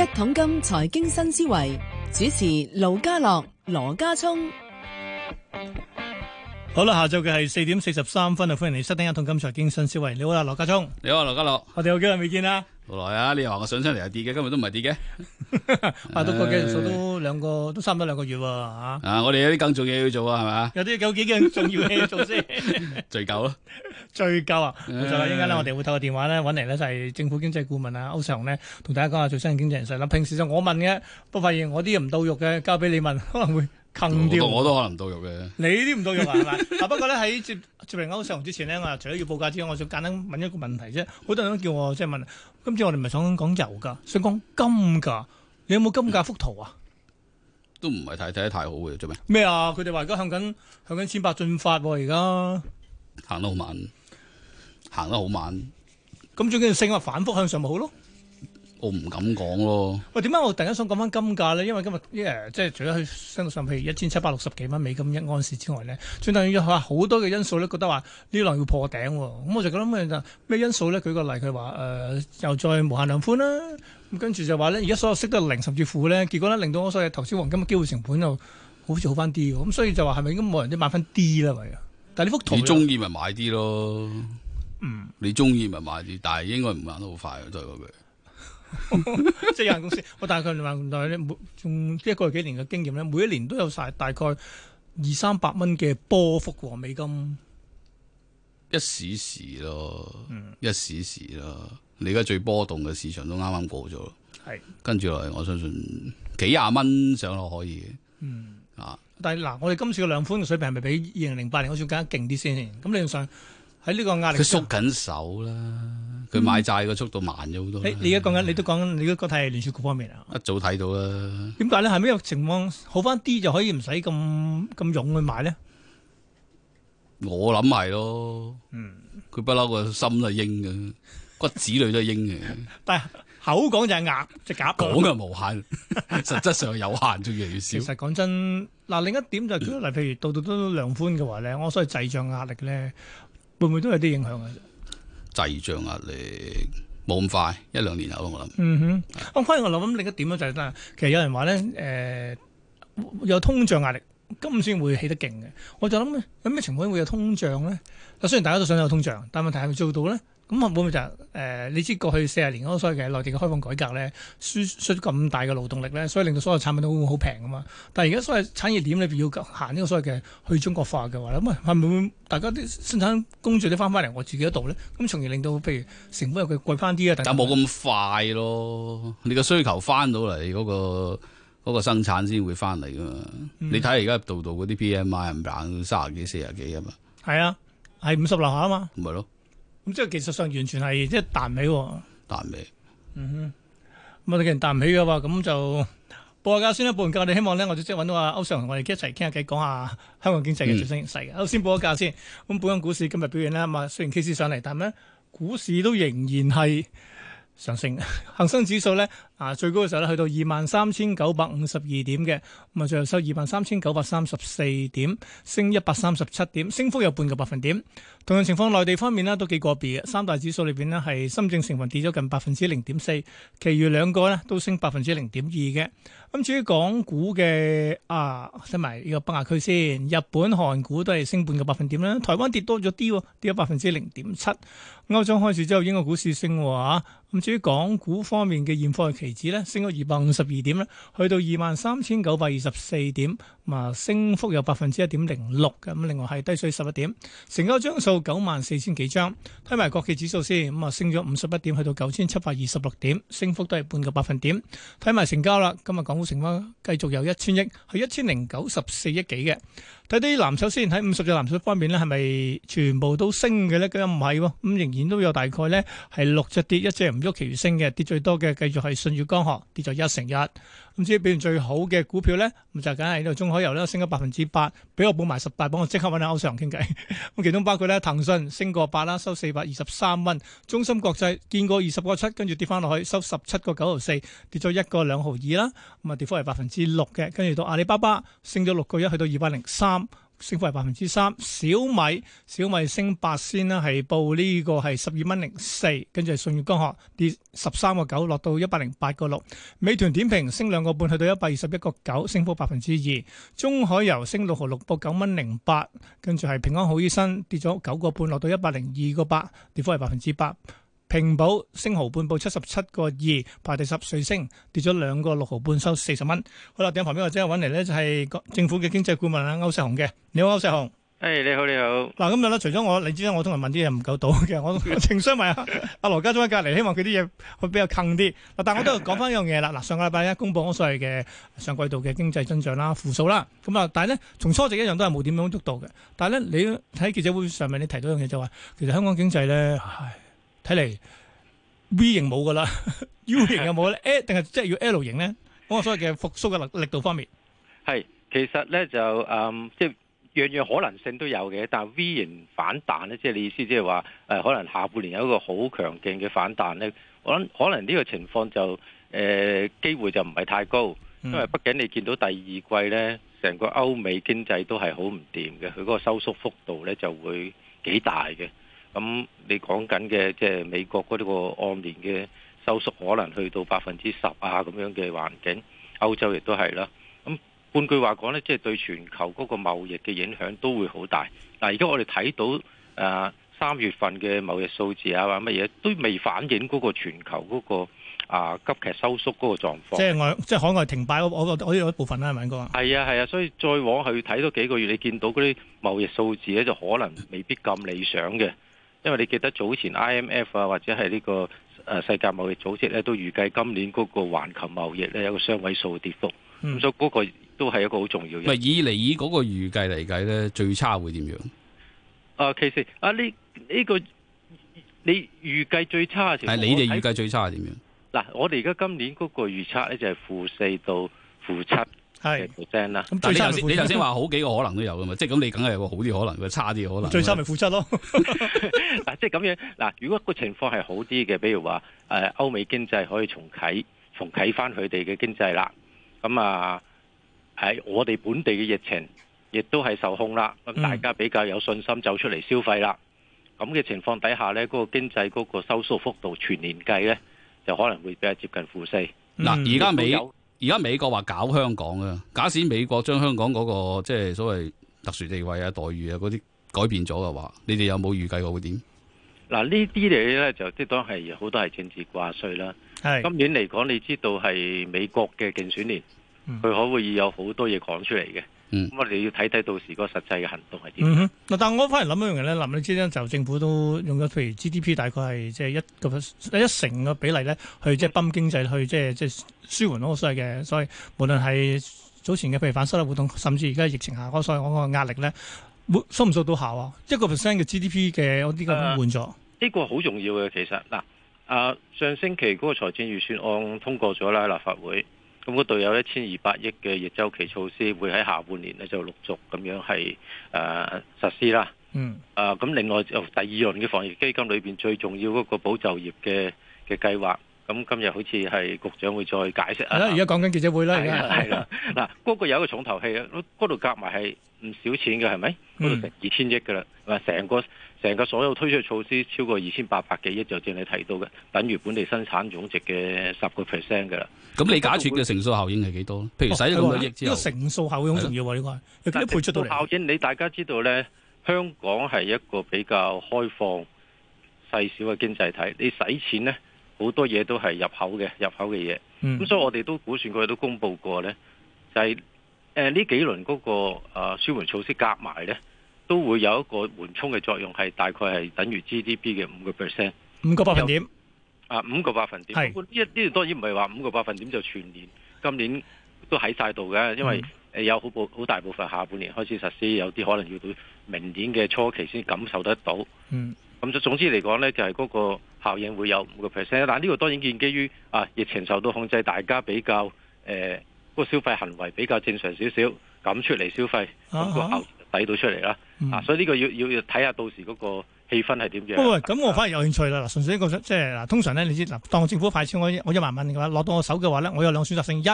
一桶金財經新思維主持，盧家樂羅家聰，好啦，下晝嘅係四點四十三分啊！歡迎你收聽一桶金財經新思維。你好啊，羅家聰。你好啊，盧家樂。我哋好幾日未見啦。來啊！你又話我上出嚟又跌嘅，今日都唔係跌嘅，賣到個計數都兩個都差唔多兩個月喎啊！啊，我哋有啲更重要嘢要做啊，係咪啊？有啲究竟嘅重要嘢做先，醉狗咯，醉狗啊！冇錯啦，一陣間咧我哋會透過電話咧搵嚟咧就係政府經濟顧問啊歐錫熊咧同大家講下最新嘅經濟形勢。嗱，平時就我問嘅，不過發現我啲唔到肉嘅，交俾你問可能會。坑掉我，我都可能唔到肉嘅。你啲唔到肉係、啊、咪？啊， 不過咧喺接接嚟歐生之前咧，我除咗要報價之外，我想簡單問一個問題啫。好多人都叫我即係問，今次我哋唔係想講油噶，想講金噶，你有冇金價幅圖啊？都唔係太睇得太好嘅，做咩？咩啊？佢哋話而家向緊向緊千八進發、啊，而家行得好慢，行得好慢。咁最緊要升啊，反覆向上咪好咯。我唔敢講咯。喂，點解我突然間想講翻金價咧？因為今日，即、yeah，係除咗升到上譬如一千七百六十幾蚊美金一盎司之外咧，總等於好多嘅因素咧，覺得話呢輪要破頂。咁我就覺得咩因素咧？舉個例，佢話誒又再無限量寬啦、啊。咁跟住就話咧，而家所有息都零甚至負咧，結果咧令到我所以投資黃金嘅機會成本又好似好翻啲。咁所以就話係咪應該冇人啲買翻啲咧？但係呢幅圖，你中意咪買啲咯？嗯，你中意咪買啲，但係應該唔買得好快啊！再講句。 即係有限公司， 我大概連埋咧， 每用即係過去幾年嘅經驗咧，每一年都有晒大概二三百蚊嘅波幅和美金，一時時咯，一時時咯。你而家最波動嘅市場都啱啱過咗咯，係跟住嚟，我相信幾廿蚊上落可以嘅、嗯，啊。但係嗱，我哋今次嘅量寬嘅水平係咪比二零零八年好似更加勁啲先？咁理論上喺呢個壓力下佢縮緊手啦。佢、嗯、買債嘅速度慢咗好多。你而家講緊，你都講緊，你都覺得係聯儲局方面啦。早一早睇到啦。點解咧？係咩情況好翻啲就可以唔使咁咁勇去買咧？我諗係咯。嗯。佢不嬲個心都係鷹嘅， 骨子裏都係鷹嘅。 但係口講就係鴨，隻鴨講嘅無限， 實質上有限，越嚟越少。其實講真，嗱，另一點就係、是，譬如度度都量寬嘅話咧，我、嗯、所謂滯脹壓力咧，會唔會都有啲影響第二象壓力冇咁快，一兩年後我諗。嗯哼，是我反而我諗另一點咧、就是，就係真其實有人話咧，誒有通脹壓力，咁先會起得勁嘅。我就諗有咩情況會有通脹咧？啊，雖然大家都想有通脹，但問題係咪做到咧。咁會唔會就係你知過去四十年嗰個所謂嘅內地嘅開放改革咧，輸出咁大嘅勞動力咧，所以令到所有產品都會好平㗎嘛。但而家所謂產業鏈裏邊要行呢個所謂嘅去中國化嘅話咧，咁係咪會大家啲生產工資都翻返嚟我自己度咧？咁從而令到譬如成本又貴貴翻啲啊？但係冇咁快咯，你個需求翻到嚟嗰個嗰、嗰個、生產先會翻嚟噶嘛？嗯、你睇而家度度嗰啲 PMI 唔冷三十幾四十幾啊嘛？係啊，係五十樓下啊嘛。咪咯～咁即係技術上完全係即係彈起、哦，彈唔起。嗯哼，既然彈唔起嘅話，咁就報下價先啦。報完價，我哋希望咧，我哋即係揾到阿歐 sir 同我哋一齊傾下偈，講下香港經濟嘅最新形勢嘅。我、嗯、先報咗價先。咁本港股市今日表現咧，咁雖然 K C 上嚟，但係咧股市都仍然係。上升，恒生指數咧，啊最高嘅時候咧，去到二萬三千九百五十二點嘅，咁啊最後收二萬三千九百三十四點，升一百三十七點，升幅有半個百分點。同樣情況，內地方面咧都幾個別嘅，三大指數裏邊呢，係深證成分跌咗近百分之零點四，其餘兩個咧都升百分之零點二嘅。咁至於港股嘅啊，先埋呢個北亞區先，日本、韓股都係升半個百分點啦，台灣跌多咗啲，跌咗百分之零點七。歐洲開始之後，英國股市升吓。咁至於港股方面嘅現貨期指咧，升咗二百五十二點咧，去到二萬三千九百二十四點，啊升幅有百分之一點零六嘅。咁另外係低水十一點，成交張數九萬四千幾張。睇埋國企指數先，咁啊升咗五十一點，去到九千七百二十六點，升幅都係半個百分點。睇埋成交啦，今日港股成交繼續有一千億，係一千零九十四億幾嘅。睇啲藍籌先，喺五十隻藍籌方面呢係咪全部都升嘅咧？咁唔係，咁仍年都有大概咧，係六隻跌，一隻唔喐，其餘升嘅。跌最多嘅，繼續係信譽江河跌咗一成一。咁至於表現最好嘅股票咧，咁就梗係喺度中海油啦，升咗百分之八。俾我報埋十八，幫我即刻揾阿歐尚傾偈。咁其中包括咧騰訊升個八啦，收四百二十三蚊；中芯國際見過二十個七，跟住跌翻落去收十七個九毫四，跌咗一個兩毫二啦。咁啊跌幅係百分之六嘅，跟住到阿里巴巴升咗六個一，去到二百零三。升幅係百分之三，小米，小米升八先啦，係報呢個係十二蚊零四，跟住係舜宇光學跌十三個九，落到一百零八個六，美團點評升兩個半，去到一百二十一個九，升 ,2 .9, 升幅百分之二，中海油升六毫六，報九蚊零八，跟住係平安好醫生跌咗九個半，落到一百零二個八，跌幅係百分之八。平保升毫半部，報七十七個二，排第十星，瑞聲跌咗兩個六毫半，收四十蚊。好啦，點下旁邊或者搵嚟呢，就係、是、政府嘅經濟顧問啦，歐錫熊嘅。你好，歐錫熊。誒、hey,，你好，你好。嗱，咁樣咧，除咗我，你知我，我通常問啲嘢唔夠到嘅，我情商埋阿羅家聰喺隔籬，希望佢啲嘢會比較勁啲。嗱，但係我都要講翻一樣嘢啦。嗱，上個禮拜一公布咗所謂嘅上季度嘅經濟增長啦，負數啦。咁啊，但係咧，從初值一樣都係冇點樣捉到嘅。但係咧，你喺記者會上面你提到一樣嘢、就是，就話其實香港經濟咧係。睇嚟 V 型冇噶啦，U 型有冇咧？誒，定係即係要 L 型咧？咁啊，所謂嘅復蘇嘅力力度方面，係其實咧就誒，即、嗯、係、就是、樣樣可能性都有嘅。但係 V 型反彈咧，即、就、係、是、你意思即係話誒，可能下半年有一個好強勁嘅反彈咧。我諗可能呢個情況就誒，機、呃、會就唔係太高，因為畢竟你見到第二季咧，成個歐美經濟都係好唔掂嘅，佢嗰個收縮幅度咧就會幾大嘅。咁、嗯、你講緊嘅即係美國嗰啲個按年嘅收縮，可能去到百分之十啊咁樣嘅環境，歐洲亦都係啦。咁、嗯、換句話講咧，即係對全球嗰個貿易嘅影響都會好大。但嗱，而家我哋睇到誒三月份嘅貿易數字啊，或者乜嘢都未反映嗰個全球嗰、嗰個啊急劇收縮嗰個狀況。即係外，即係海外停擺嗰可以有一部分啦，係咪應該？係啊係啊，所以再往去睇多幾個月，你見到嗰啲貿易數字咧，就可能未必咁理想嘅。因為你記得早前 IMF 啊，或者係呢、這個誒、呃、世界貿易組織咧，都預計今年嗰個環球貿易咧有個雙位數跌幅。咁、嗯、所以嗰個都係一個好重要嘅、嗯。以嚟，以嗰個預計嚟計咧，最差會點樣、呃？啊，其實啊呢呢個你預計最差，係你哋預計最差係點樣？嗱，我哋而家今年嗰個預測咧就係負四到負七。係 percent 啦。咁你頭先你頭先話好幾個可能都有噶嘛？ 即係咁，你梗係有個好啲可能，個差啲可能。最差咪負七咯。嗱，即係咁樣。嗱，如果個情況係好啲嘅，比如話誒歐美經濟可以重啟，重啟翻佢哋嘅經濟啦。咁啊，喺我哋本地嘅疫情亦都係受控啦。咁大家比較有信心走出嚟消費啦。咁、嗯、嘅情況底下咧，嗰、嗰個經濟嗰個收縮幅度全年計咧，就可能會比較接近負四。嗱、嗯，而家未有。而家美國話搞香港啊！假使美國將香港嗰個即係所謂特殊地位啊、待遇啊嗰啲改變咗嘅話，你哋有冇預計過會點？嗱，呢啲嘢咧就即係當係好多係政治掛帥啦。係今年嚟講，你知道係美國嘅競選年，佢可以有好多嘢講出嚟嘅。咁我哋要睇睇到時個實際嘅行動係點。嗯哼，嗱，但係我反而諗一樣嘢咧，諗你之咧，就政府都用咗，譬如 GDP 大概係即係一個一成嘅比例咧，去即係泵經濟，去即係即係舒緩嗰個衰退嘅。所以無論係早前嘅譬如反修例活動，甚至而家疫情下，所以我個壓力咧會收唔收到效啊？一個 percent 嘅 GDP 嘅，我呢個換咗。呢個好重要嘅，其實嗱，啊上星期嗰個財政預算案通過咗啦，立法會。咁嗰度有一千二百億嘅逆週期措施，會喺下半年咧就陸續咁樣係誒實施啦。嗯。誒，咁另外就第二輪嘅防疫基金裏邊最重要嗰個保就業嘅嘅計劃，咁今日好似係局長會再解釋啊。嗱，而家講緊記者會啦，而家係啦。嗱，嗰個有一個重頭戲啊，嗰度夾埋係唔少錢嘅，係咪？嗯。嗰度成二千億㗎啦，係咪成個？成個所有推出嘅措施超過二千八百幾億，就正如你提到嘅，等於本地生產總值嘅十個 percent 嘅啦。咁你假設嘅成數效應係幾多？譬如使咗兩個億之後，一、哦啊這個、成數效應重要喎呢個，佢啲倍出到效應你大家知道咧，香港係一個比較開放、細小嘅經濟體。你使錢咧，好多嘢都係入口嘅，入口嘅嘢。咁、嗯、所以我哋都估算過，都公布過咧，就係誒呢幾輪嗰、那個誒舒緩措施夾埋咧。都會有一個緩衝嘅作用，係大概係等於 GDP 嘅五個 percent，五個百分點啊，五個百分點。呢一呢，當然唔係話五個百分點就全年，今年都喺晒度嘅，因為誒、嗯呃、有好部好大部分下半年開始實施，有啲可能要到明年嘅初期先感受得到。嗯，咁就總之嚟講呢，就係、係、嗰個效應會有五個 percent。但係呢個當然建基於啊疫情受到控制，大家比較誒、呃個消費行為比較正常少少，咁出嚟消費，咁、個效。啊。睇到出嚟啦、嗯，啊，所以呢個要要要睇下到時嗰個氣氛係點樣。喂咁我反而有興趣啦。嗱、啊，純粹一個即係嗱，通常咧，你知嗱，當政府派錢我我一萬蚊嘅話，攞到我手嘅話咧，我有兩個選擇性：一，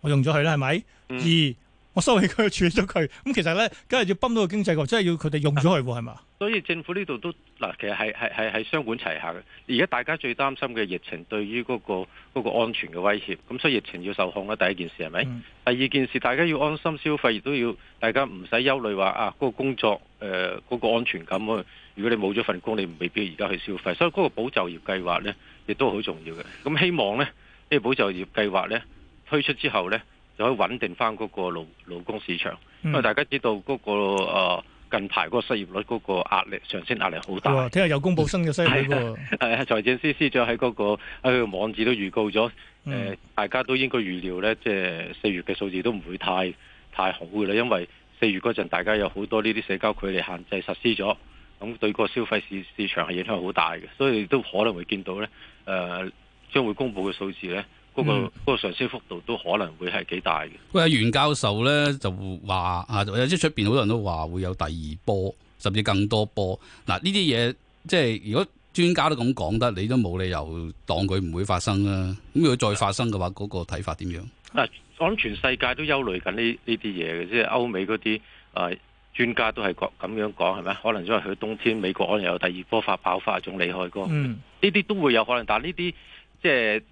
我用咗佢啦，係咪、嗯？二，我收起佢，處理咗佢。咁、嗯、其實咧，梗係要泵到個經濟嘅，即、就、係、是、要佢哋用咗佢，係、嗯、嘛？所以政府呢度都嗱，其實係係係係雙管齊下嘅。而家大家最擔心嘅疫情對於嗰個嗰個安全嘅威脅，咁所以疫情要受控啦。第一件事係咪、嗯？第二件事，大家要安心消費，亦都要大家唔使憂慮話啊嗰個工作誒、呃嗰個安全感啊。如果你冇咗份工，你未必而家去消費。所以嗰個保就業計劃咧，亦都好重要嘅。咁希望咧，呢個保就業計劃咧推出之後咧，就可以穩定翻個勞勞工市場，因為大家知道嗰個誒。呃近排嗰個失業率嗰個壓力上升，壓力好大喎，聽日、啊、有公佈新嘅失業率喎。財政司司長喺嗰、嗰個喺佢網址都預告咗，誒、呃嗯、大家都應該預料咧，即係四月嘅數字都唔會太太好嘅啦，因為四月嗰陣大家有好多呢啲社交距離限制實施咗，咁對嗰個消費市市場係影響好大嘅，所以都可能會見到咧，誒、呃、將會公佈嘅數字咧。嗰、嗯、個、那個上升幅度都可能會係幾大嘅。喂，阿袁教授咧就話啊，即係出邊好多人都話會有第二波，甚至更多波。嗱，呢啲嘢即係如果專家都咁講得，你都冇理由當佢唔會發生啦。咁如果再發生嘅話，嗰、嗯、那個睇法點樣？啊，我諗全世界都憂慮緊呢呢啲嘢嘅，即係歐美嗰啲啊專家都係咁樣講係咪？可能因為佢冬天美國可能有第二波發爆發，仲厲害過。嗯，呢啲都會有可能，但係呢啲即係。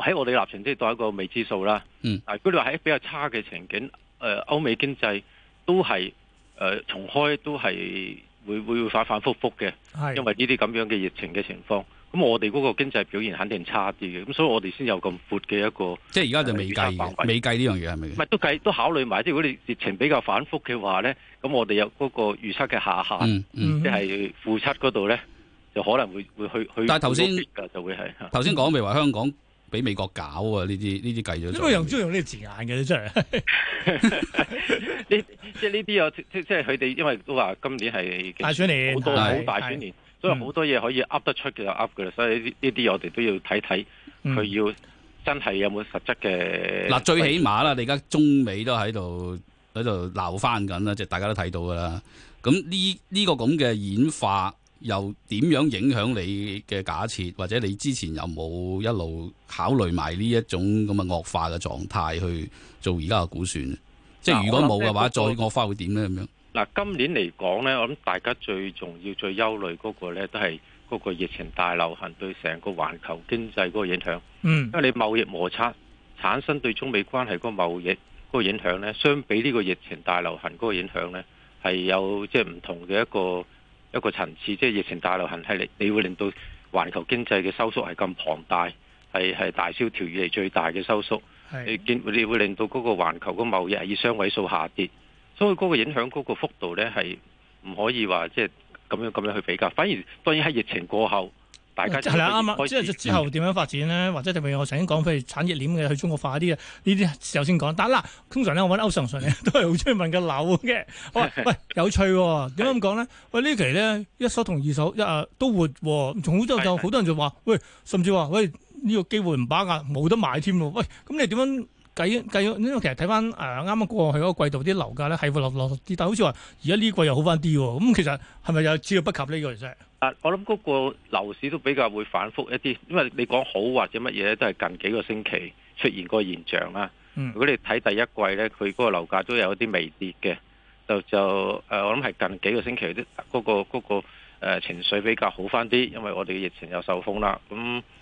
喺我哋立場，即係當一個未知數啦。嗯，但係如果你話喺比較差嘅情景，誒歐美經濟都係誒、呃、重開都係會會會反反覆覆嘅。係因為呢啲咁樣嘅疫情嘅情況，咁我哋嗰個經濟表現肯定差啲嘅。咁所以我哋先有咁闊嘅一個，即係而家就未計未計呢樣嘢係咪？唔係都計都考慮埋。即係如果你疫情比較反覆嘅話咧，咁我哋有嗰個預測嘅下限，即、嗯、係、嗯就是、負出嗰度咧，就可能會會去去。但係頭先頭先講，譬如話香港。俾美國搞啊！呢啲呢啲計咗，因為又中意用呢啲字眼嘅咧，真係呢即係呢啲啊！即係佢哋因為都話今年係大選年，好多好大選年，所以好多嘢可以噏得出嘅就噏嘅啦。所以呢啲我哋都要睇睇佢要真係有冇實質嘅。嗱，最起碼啦，你而家中美都喺度喺度鬧翻緊啦，即係大家都睇到噶啦。咁呢呢個咁嘅演化。又點樣影響你嘅假設？或者你之前有冇一路考慮埋呢一種咁嘅惡化嘅狀態去做而家嘅估算？啊、即係如果冇嘅話、啊，再惡化會點呢？咁樣嗱，今年嚟講呢，我諗大家最重要、最憂慮嗰個呢，都係嗰個疫情大流行對成個環球經濟嗰個影響。嗯，因為你貿易摩擦產生對中美關係嗰個貿易嗰個影響呢，相比呢個疫情大流行嗰個影響呢，係有即係唔同嘅一個。一個層次，即係疫情大流行係你，你會令到環球經濟嘅收縮係咁龐大，係係大蕭條以嚟最大嘅收縮，你你會令到嗰個環球嘅貿易係以雙位數下跌，所以嗰個影響嗰個幅度呢，係唔可以話即係咁樣咁樣去比較，反而當然喺疫情過後。係啦，啱啱即係之後點樣發展咧，嗯？或者譬如我曾經講，譬如產業鏈嘅去中國化啲呢啲，首先講。但啦通常咧，問的的 我揾歐錫熊呢都係好中意問個樓嘅。喂喂，有趣，哦，點解咁講咧？喂，期呢期咧，一手同二手，誒、啊、都活，哦。從好多就好多人就話喂，甚至話喂呢，這個機會唔把握，冇得買添，哦。喂，咁你點樣計計？計其實睇翻誒啱啱過去嗰個季度啲樓價咧係會落落啲，但好似話而家呢季又好翻啲，哦。咁其實係咪有主要不及呢個其實？啊，我諗嗰個樓市都比較會反覆一啲，因為你講好或者乜嘢都係近幾個星期出現嗰個現象啦。如果你睇第一季呢，佢嗰個樓價都有啲微跌嘅，就就誒，我諗係近幾個星期啲嗰個嗰個誒、呃、情緒比較好翻啲，因為我哋嘅疫情又受封啦，咁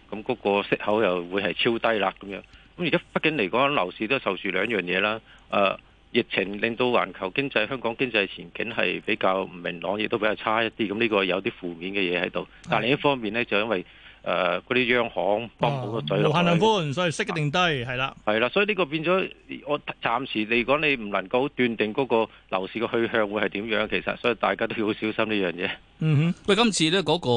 咁嗰個息口又會係超低啦，咁樣。咁而家畢竟嚟講，樓市都受住兩樣嘢啦，誒、呃。疫情令到環球經濟、香港經濟前景係比較唔明朗，亦都比較差一啲。咁呢個有啲負面嘅嘢喺度。但另一方面呢，就因為誒嗰啲央行崩盤嘅水，無限量寬，所以息一定低係啦，係啦。所以呢個變咗，我暫時嚟講，你唔能夠斷定嗰個樓市嘅去向會係點樣。其實，所以大家都要小心呢樣嘢。嗯哼，喂，今次、那個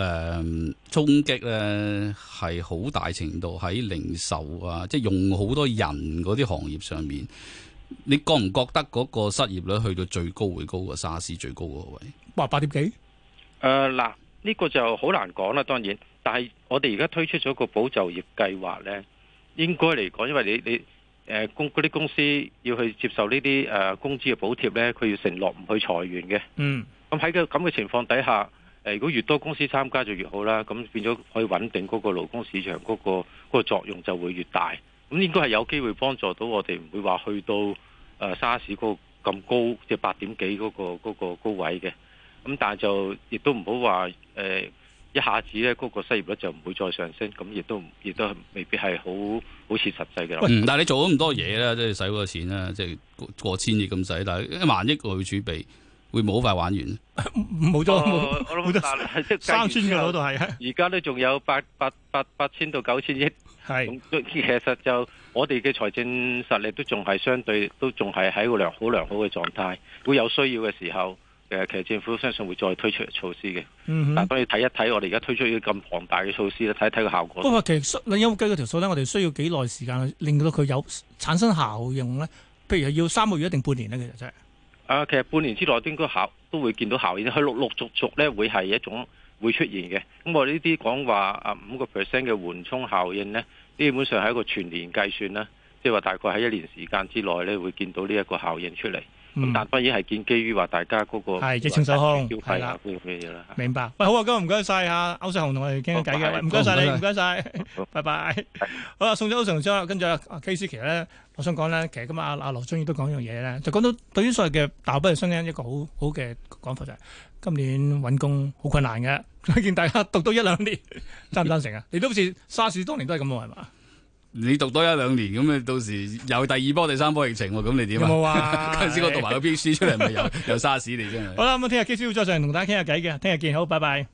呃、衝擊呢嗰個誒衝擊咧係好大程度喺零售啊，即、就、係、是、用好多人嗰啲行業上面。你覺唔覺得嗰個失業率去到最高會高過沙士最高嗰個位？哇，八點幾？誒、呃，嗱，呢個就好難講啦。當然，但係我哋而家推出咗個保就業計劃呢，應該嚟講，因為你你誒公嗰啲公司要去接受呢啲誒工資嘅補貼呢，佢要承諾唔去裁員嘅。嗯。咁喺嘅咁嘅情況底下，誒、呃，如果越多公司參加就越好啦。咁變咗可以穩定嗰個勞工市場嗰、嗰個、嗰個作用就會越大。咁應該係有機會幫助到我哋，唔會話去到誒沙士嗰咁高，即係八點幾嗰、嗰個、嗰個高位嘅。咁但係就亦都唔好話誒，一下子咧嗰個失業率就唔會再上升，咁亦都亦都未必係好好似實際嘅。喂，但係你做咗咁多嘢咧，即係使嗰個錢咧，即係過千億咁使，但係一萬億個去儲備，會冇好快玩完？冇 咗，冇得、呃、三千嘅嗰度係啊！而家都仲有八八八八千到九千億。係，其實就我哋嘅財政實力都仲係相對，都仲係喺個良好良好嘅狀態。會有需要嘅時候，誒，其實政府相信會再推出措施嘅、嗯。但係你睇一睇，我哋而家推出呢啲咁龐大嘅措施咧，睇一睇個效果。不、嗯、過其實你有冇計嗰條數咧？我哋需要幾耐時間令到佢有產生效用咧？譬如要三個月定半年咧？其實真係。誒，其實半年之內都應該效，都會見到效應，而佢陸陸續續咧會係一種。會出現嘅，咁我呢啲講話啊五個 percent 嘅緩衝效應呢，基本上係一個全年計算啦，即係話大概喺一年時間之內呢，會見到呢一個效應出嚟。咁大不依係建基於話大家嗰、那個係疫情受控，啦、啊，明白。喂，好啊，今日唔該晒啊，歐錫熊同我哋傾緊偈嘅，唔該晒你，唔該晒。拜拜。好啦送走咗歐錫熊之後，跟住啊 KC k i 咧，我想講咧，其實今日啊啊羅中意都講一樣嘢咧，就講到對於所謂嘅大學畢業生一個好好嘅講法就係、是，今年揾工好困難嘅，見大家讀到一兩年，爭唔爭成啊？嗯、你都好似沙士當年都係咁話嘛？你讀多一兩年咁到時又第二波、第三波疫情，咁你點啊？冇啊！嗰 陣時我讀埋個 B 書出嚟，咪又又沙士嚟真係。好啦，咁我聽日 KC 再上嚟同大家傾下偈嘅，聽日見，好，拜拜。